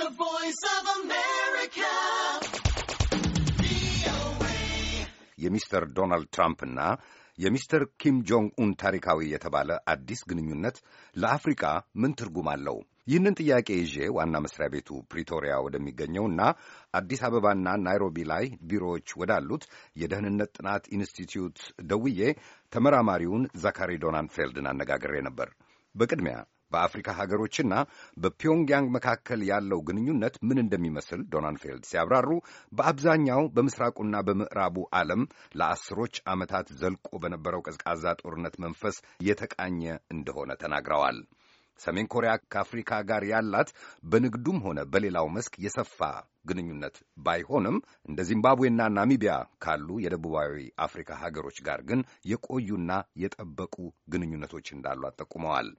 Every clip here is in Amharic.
The Voice of America. የሚስተር ዶናልድ ትራምፕና የሚስተር ኪም ጆንግ ኡን ታሪካዊ የተባለ አዲስ ግንኙነት ለአፍሪካ ምን ትርጉም አለው? ይህንን ጥያቄ ይዤ ዋና መስሪያ ቤቱ ፕሪቶሪያ ወደሚገኘውና አዲስ አበባና ናይሮቢ ላይ ቢሮዎች ወዳሉት የደህንነት ጥናት ኢንስቲትዩት ደውዬ ተመራማሪውን ዛካሪ ዶናንፌልድን አነጋግሬ ነበር። በቅድሚያ በአፍሪካ ሀገሮችና በፒዮንግያንግ መካከል ያለው ግንኙነት ምን እንደሚመስል ዶናንፌልድ ሲያብራሩ በአብዛኛው በምስራቁና በምዕራቡ ዓለም ለአስሮች ዓመታት ዘልቆ በነበረው ቀዝቃዛ ጦርነት መንፈስ የተቃኘ እንደሆነ ተናግረዋል። ሰሜን ኮሪያ ከአፍሪካ ጋር ያላት በንግዱም ሆነ በሌላው መስክ የሰፋ ግንኙነት ባይሆንም እንደ ዚምባብዌና ናሚቢያ ካሉ የደቡባዊ አፍሪካ ሀገሮች ጋር ግን የቆዩና የጠበቁ ግንኙነቶች እንዳሏት ጠቁመዋል።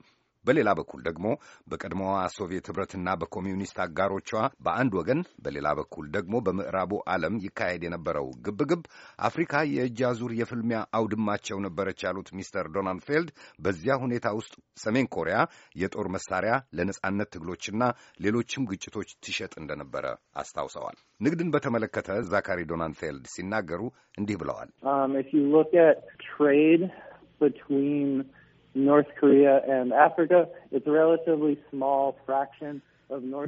በሌላ በኩል ደግሞ በቀድሞዋ ሶቪየት ኅብረትና በኮሚዩኒስት አጋሮቿ በአንድ ወገን፣ በሌላ በኩል ደግሞ በምዕራቡ ዓለም ይካሄድ የነበረው ግብግብ አፍሪካ የእጅ አዙር የፍልሚያ አውድማቸው ነበረች ያሉት ሚስተር ዶናልድ ፌልድ በዚያ ሁኔታ ውስጥ ሰሜን ኮሪያ የጦር መሳሪያ ለነጻነት ትግሎችና ሌሎችም ግጭቶች ትሸጥ እንደነበረ አስታውሰዋል። ንግድን በተመለከተ ዛካሪ ዶናልድ ፌልድ ሲናገሩ እንዲህ ብለዋል። um,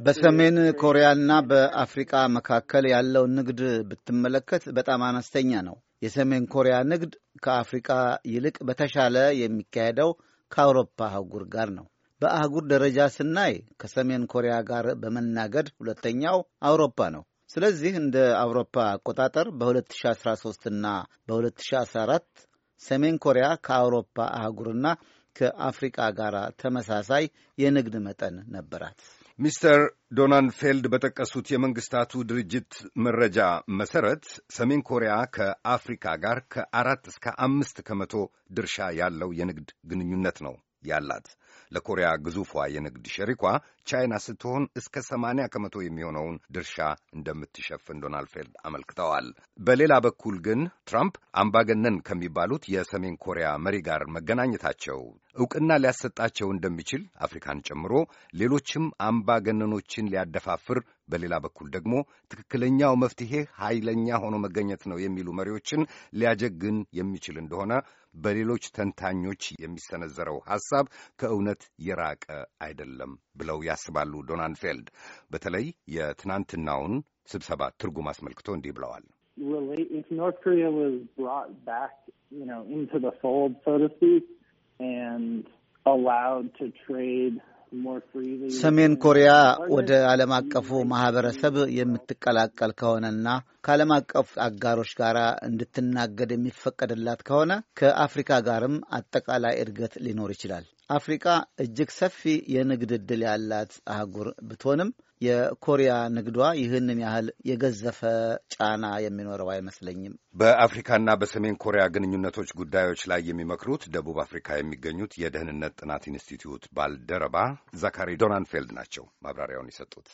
በሰሜን ኮሪያና በአፍሪቃ መካከል ያለው ንግድ ብትመለከት በጣም አነስተኛ ነው። የሰሜን ኮሪያ ንግድ ከአፍሪቃ ይልቅ በተሻለ የሚካሄደው ከአውሮፓ አህጉር ጋር ነው። በአህጉር ደረጃ ስናይ ከሰሜን ኮሪያ ጋር በመናገድ ሁለተኛው አውሮፓ ነው። ስለዚህ እንደ አውሮፓ አቆጣጠር በ2013 እና በ2014 ሰሜን ኮሪያ ከአውሮፓ አህጉርና ከአፍሪቃ ጋር ተመሳሳይ የንግድ መጠን ነበራት። ሚስተር ዶናልድ ፌልድ በጠቀሱት የመንግስታቱ ድርጅት መረጃ መሰረት ሰሜን ኮሪያ ከአፍሪካ ጋር ከአራት እስከ አምስት ከመቶ ድርሻ ያለው የንግድ ግንኙነት ነው ያላት ለኮሪያ ግዙፏ የንግድ ሸሪኳ ቻይና ስትሆን እስከ 80 ከመቶ የሚሆነውን ድርሻ እንደምትሸፍን ዶናልድ ፌልድ አመልክተዋል። በሌላ በኩል ግን ትራምፕ አምባገነን ከሚባሉት የሰሜን ኮሪያ መሪ ጋር መገናኘታቸው እውቅና ሊያሰጣቸው እንደሚችል አፍሪካን ጨምሮ ሌሎችም አምባገነኖችን ሊያደፋፍር በሌላ በኩል ደግሞ ትክክለኛው መፍትሄ ኃይለኛ ሆኖ መገኘት ነው የሚሉ መሪዎችን ሊያጀግን የሚችል እንደሆነ በሌሎች ተንታኞች የሚሰነዘረው ሐሳብ ከእውነት የራቀ አይደለም ብለው ያስባሉ። ዶናን ፌልድ በተለይ የትናንትናውን ስብሰባ ትርጉም አስመልክቶ እንዲህ ብለዋል። ሰሜን ኮሪያ ወደ ዓለም አቀፉ ማህበረሰብ የምትቀላቀል ከሆነና ከዓለም አቀፍ አጋሮች ጋር እንድትናገድ የሚፈቀድላት ከሆነ ከአፍሪካ ጋርም አጠቃላይ እድገት ሊኖር ይችላል። አፍሪካ እጅግ ሰፊ የንግድ ዕድል ያላት አህጉር ብትሆንም የኮሪያ ንግዷ ይህንን ያህል የገዘፈ ጫና የሚኖረው አይመስለኝም። በአፍሪካና በሰሜን ኮሪያ ግንኙነቶች ጉዳዮች ላይ የሚመክሩት ደቡብ አፍሪካ የሚገኙት የደህንነት ጥናት ኢንስቲትዩት ባልደረባ ዛካሪ ዶናንፌልድ ናቸው ማብራሪያውን የሰጡት።